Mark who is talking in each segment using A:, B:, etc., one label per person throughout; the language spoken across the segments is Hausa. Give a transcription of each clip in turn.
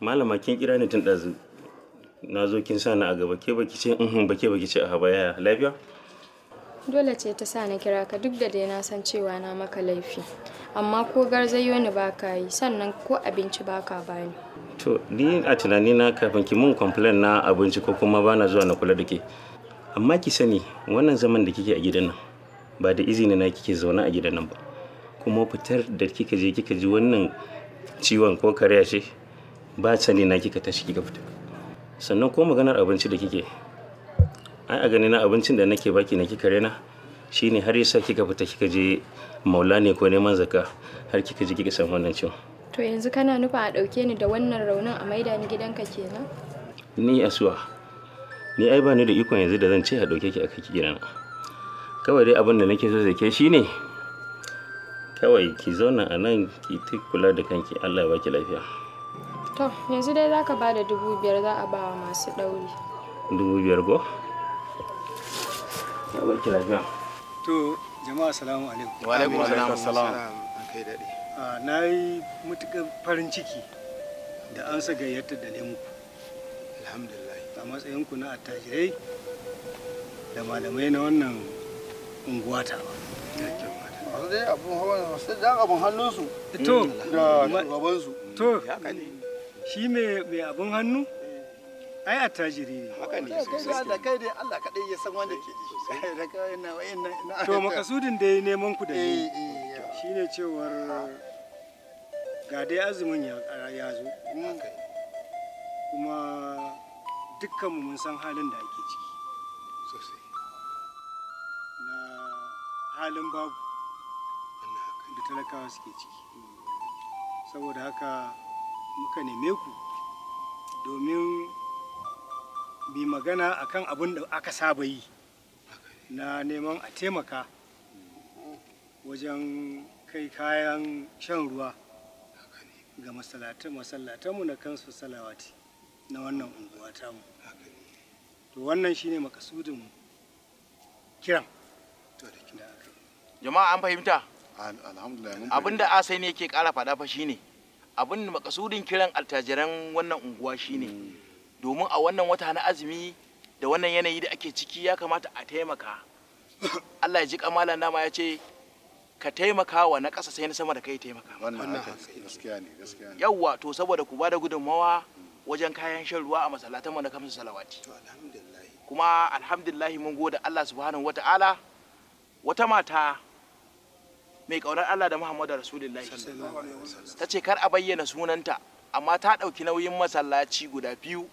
A: malama kin kira ni tun ɗazu na zo kin sa a gaba ke baki ce in baki baki ce a haba yaya lafiya
B: dole ce ta sa na kira ka duk da dai na san cewa na maka laifi amma ko garzayo ni ba ka yi sannan ko abinci ba ka bani
A: to ni a tunani na kafin ki mun complain na abinci ko kuma bana zuwa na kula da ke amma ki sani wannan zaman da kike a gidan nan ba da izini na kike zaune a gidan nan ba kuma fitar da kika je kika ji wannan ciwon ko kariya ce ba sani na kika tashi kika fita sannan ko maganar abinci da kike ai a gani na abincin da nake baki na kika rena shine har yasa kika fita kika je maula ne ko neman zaka har kika je kika samu wannan cin
B: to yanzu kana nufa a ɗauke ni da wannan raunin a maida ni gidanka kenan
A: ni asuwa ni ai ba ni da ikon yanzu da zan ce a ɗauke ki a kai gidana kawai dai abin da nake so zake shine kawai ki zauna a nan ki ta kula da kanki Allah ya baki lafiya
B: to yanzu dai za ka ba da dubu biyar za a ba wa masu ɗauri
A: dubu biyar go ya barki lafiya
B: to jama'a salamu alaikum
A: wa alaikum salamu. salam
B: kai daɗe na yi matuƙar farin ciki da an sa gayyatar da nemu alhamdulillah a matsayinku na attajirai da malamai na wannan unguwa ta dai abin ba abun hannunsu To, da shugabansu to ya shi mai abin hannu eh. ai a tajiri ne haka ne sosai da kai dai Allah kadai ya san wanda ke ji da kai eh, na wayannan to makasudin da ya neman ku da ni eh, shine cewar ga dai azumin ya ya zo kuma dukkan mu mun san halin da ake ciki sosai na halin babu da talakawa suke ciki saboda haka muka neme ku domin bi magana akan abin da aka saba yi na neman a taimaka wajen kai kayan shan ruwa ga masallatanmu na kansu salawati na wannan unguwa tamu to wannan shine
A: makasudin kiran jama'a an fahimta abinda asai ne yake kara fada fa shine abin makasudin kiran altajiran wannan unguwa shine mm. domin a wannan wata na azumi da wannan yanayi da ake ciki ya kamata a taimaka Allah ya ji kamala nama ya ce ka taimaka wa na ƙasa sai na sama da kai taimaka wannan
C: gaskiya ne gaskiya ne
A: yawa to saboda ku bada gudunmawa wajen kayan shan ruwa a masallatan mu na kamsu salawati to alhamdulillah kuma alhamdulillah mun gode Allah subhanahu wataala wata mata mai kaunar Allah da Muhammadu Rasulullahi ta ce kar a bayyana sunanta amma ta ɗauki nauyin masallaci guda biyu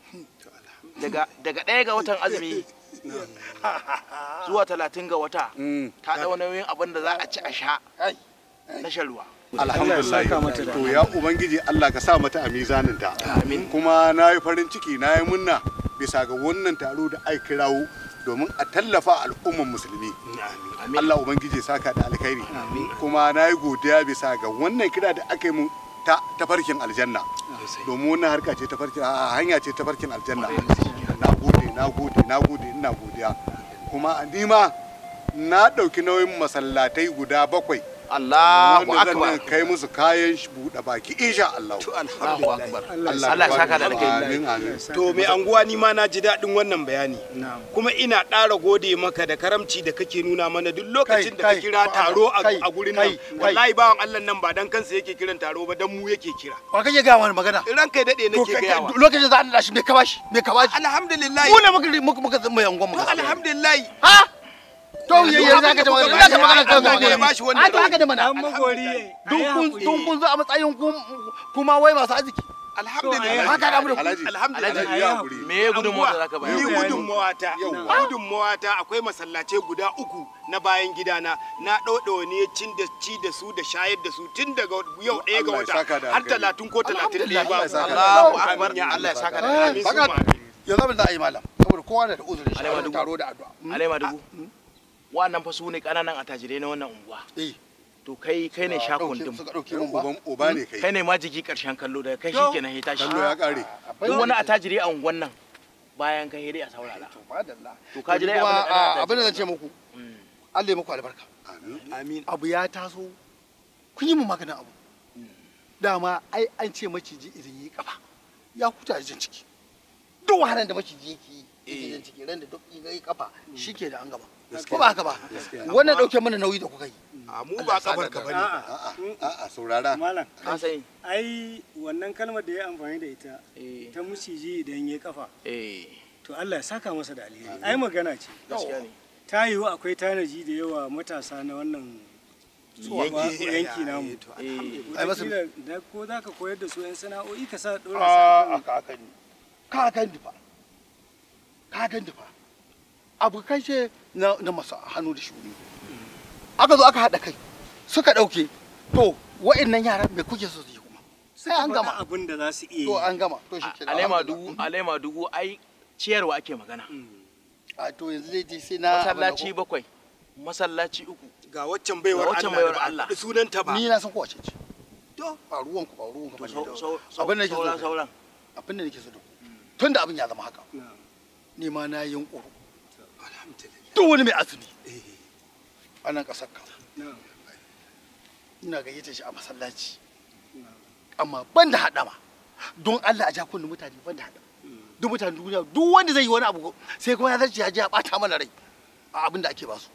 A: daga ɗaya ga watan azumi zuwa talatin ga wata mm. ta ɗau nauyin abin da za a ci a sha na sharuwa alhamdulillah to ya
C: ubangiji Allah ka sa mata a mizanin ta kuma na yi farin ciki na yi munna bisa ga wannan taro da ai kirawo domin a tallafa al'ummar musulmi Allah ubangiji saka da alkhairi kuma na yi godiya bisa ga wannan kira da aka yi mun ta tafarkin aljanna domin wannan harka ce tafarkin a hanya ce tafarkin aljanna na gode na gode na gode ina godiya kuma ni ma na ɗauki nauyin masallatai guda bakwai
A: Allahu akbar kai musu kayan buɗe baki insha Allah to Allahu Allah ya saka da kai
B: to mai anguwa
A: ni ma na ji daɗin wannan bayani kuma ina ɗara gode maka da karamci da kake nuna mana duk lokacin da ka kira taro a gurin nan wallahi bawan Allah nan ba dan kansa yake kiran taro ba dan mu yake kira
C: wa kake ga wani
A: magana ran kai dade nake ga yawa
C: lokacin za a alhamdulillah mu ne muka muka mai anguwa muka alhamdulillah ha
A: to yi yanzu haka jama'a da haka magana kan ne a haka da mana dun kun
C: zo a matsayin kuma wai masu arziki alhamdulillah haka da mu alhamdulillah me gudunmawa da zaka bayar ni gudunmawa
A: ta gudunmawa ta akwai masallace guda uku na bayan gidana na dodo ne cin da ci da su da shayar da su tun daga yau ɗaya ga wata har talatin ko talatin da ba Allahu akbar Allah ya saka da amin yanzu abin da ayi malam saboda kowa na da uzurin da alaima dubu hmm? wannan fa su ne kananan attajirai na wannan unguwa eh to kai kai ne ah, sha kundum suka dauke mun uban uba ne kai kai ne ma jiki karshen kallo da kai shikenan heta shi kallo ya kare ah, duk wani attajiri a unguwan nan bayan kai dai a saurara to madalla to ka ji dai ah, abin
C: da zan ce muku mm. Allah ya muku albarka amin abu ya taso kun yi mu maganin abu mm. dama ai an ce maciji idan yi kafa ya kuta jin ciki duk wahalar da maciji yake yi idan eh. ciki ran da duk yi kafa mm. shike da an gaba ko ba haka ba wannan dauke mana nauyi da
A: kuka yi a mu ba kabar
B: ka bane a a saurara malam an sai ai wannan kalmar da ya amfani da ita eh. ta musiji idan yayi kafa eh. to Allah ya saka masa da alheri ai magana ce ta yiwu akwai tanaji da yawa matasa na wannan yanki namu eh. da ko za koyar da su 'yan sana'o'i ka sa dora sa ka
C: ka kakan fa kai ce na, na masa hannu da shuni aka zo aka haɗa kai suka ɗauke to wa'annan yaran me kuke so su yi kuma
A: sai an gama abin da za su iya to an gama to shi ke alaima dubu alaima dubu ai ciyarwa ake magana mm. a to yanzu zai je sai
C: na masallaci
A: bakwai masallaci uku ga waccan baiwar Allah da Allah
C: sunan ta ba ni na san ko wace ce to ba ruwan ku ba ruwan ku
A: abin da nake so
C: abin da nake so mm. tunda abin ya zama haka mm. ni ma na yunkuru duk wani mai azumi eh, a nan ƙasar ka ina gayyata shi a masallaci amma ban da haɗama don Allah a ja kunnin mutane ban da haɗama mm. duk mutane duniya duk wanda zai yi wani abu sai kuma ya zarce ya je ya ɓata mana rai a abin da ake su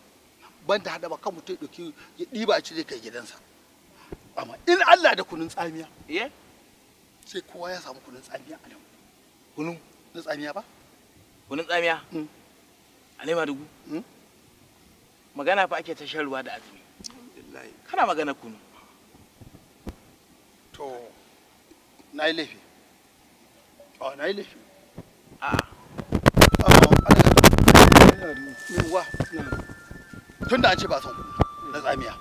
C: ban da haɗama kan mutum ya ɗauki ya ɗiba a cire kai gidansa amma in Allah da kunun tsamiya sai kowa ya samu kunun
A: tsamiya a nan kunun na tsamiya ba kunun tsamiya mm. Alai dugu. Hmm? Magana fa ake ta shan ruwa da azumi. Kana magana kunu. To, na yi laifi.
C: Oh, na yi laifi. A'a. Yawwa, tun da an ce ba son kuɗi na tsamiya,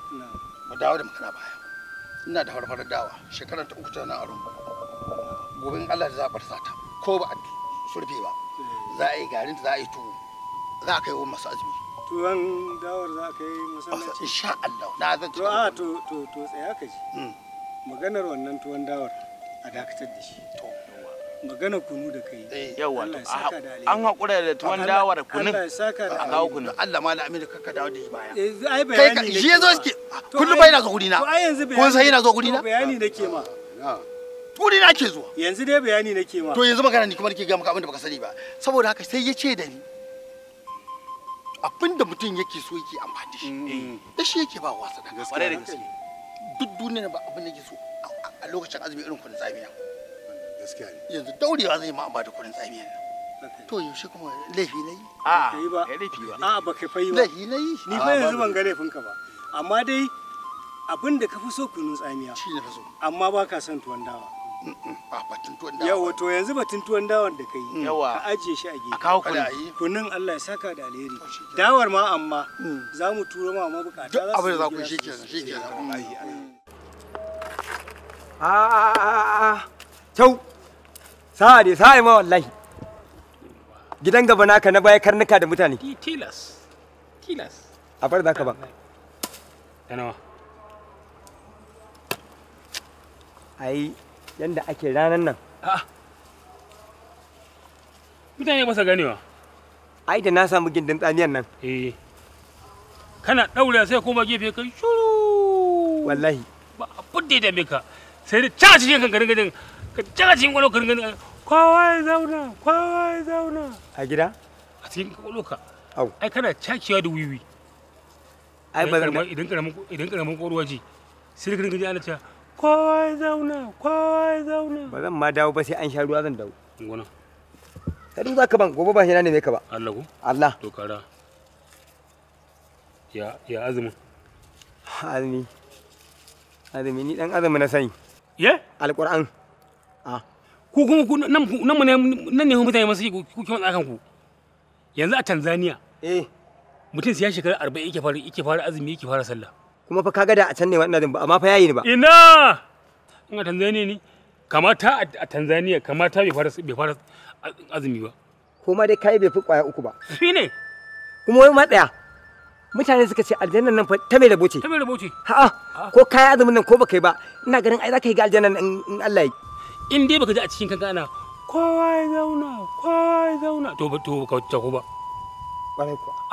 C: mu dawo da magana baya. Ina da farfarar dawa, shekarar ta uku ta nan a rumbu. Gobe Allah da za bar sata, ko ba a surfe ba, eh. za a yi garin za a yi tuwo. za ka yi wa masu azumi
B: turan dawar za ka yi masallaci insha Allah na zan to a to to to tsaya ka ji hmm. maganar wannan tuwan dawar a dakatar da shi to magana kunu da kai eh, yawa an
A: haƙura da tuwon dawa da kunun a
C: kawo kunun Allah ma la'amin da kakka dawo da shi baya
B: eh, ai bayani ne shi zo suke kullum bai na zo gurina kun sai yana zo gurina bayani nake ma ah.
C: turi na ke zuwa yanzu dai bayani nake ma to yanzu magana ni kuma nake ga maka abin da baka sani ba saboda haka sai ya ce da ni abin da mutum yake so yake amfani da shi mm. eh, da shi yake ba wasa da gaskiya da gaskiya duk duniya ba abin da yake so a lokacin azumi irin kunin tsamiya gaskiya ne yanzu daurewa zai ma amma da kunin tsamiya to yaushe kuma laifi na yi a ba
B: laifi ba a ba kai fa yi ba laifi na ni fa yanzu ban ga laifin ka ba amma dai abin da ka fi so kunun tsamiya shi ne fa so amma ba ka son tuwon dawa yawa to yanzu batun tuwon dawar da kai mm. yawa ka ajiye shi a gefe kawo kunu kunun Allah ya saka da alheri dawar ma amma mm. za mu turo ma ma duk abin da za ku shi kenan a a a kyau sa'a dai sa'a ma wallahi gidan gaba naka na baya karnuka da mutane
A: tilas tilas
B: a bar zaka ba ta nawa ai yanda ake ranar nan ah. mutane masa ganewa ai da na samu gindin tsamiyan nan eh kana daura sai kuma gefe kai shuru
C: wallahi ba abin da ya ka sai da caka cikin kan garin garin ka caka cikin kwalo garin
B: garin kowa ya zauna kowa ya zauna a gida a cikin kwalo ka
C: au ai kana cakewa da wiwi
B: ai ba idan karamin
C: idan karamin kwaruwa ce
A: sai da garin garin ana cewa
B: kowa ya zauna kowa ya zauna ba zan ma dawo ba sai an sha ruwa zan dawo gona ka duba ka ban gobe ba shi ne mai ka ba Allah ko Allah to kara ya ya azumin azumi azumi ni dan azumi na sani ye alquran a ku
C: kuma ku nan nan ne nan ne mutane masu ku ku kiwon tsakan ku yanzu a Tanzania eh mutum sai ya shekara 40 yake fara yake fara azumi yake fara sallah
B: kuma fa kaga da a can ne wannan din ba amma fa yayi ni ba
C: ina in a Tanzania ne kamata a Tanzania kamata
A: bai fara bai fara azumi ba kuma dai kai bai fi kwaya uku ba ne kuma wai ma daya mutane suka ce aljannan nan fa ta mai rabo ta mai rabo ce
B: ko kai azumin nan ko ba yi ba
A: ina ganin ai zaka yi ga aljannan in Allah ya in dai baka ji a cikin kanka ana
B: kowa ya zauna kowa ya zauna
C: to ba to ka ta ko ba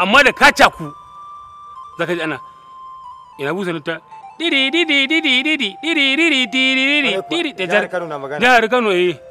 C: amma da ka ta ku zaka ji ana ina busa ta
B: didi didi didi didi didi didi didi didi da jar Kano na magana jihar Kano eh.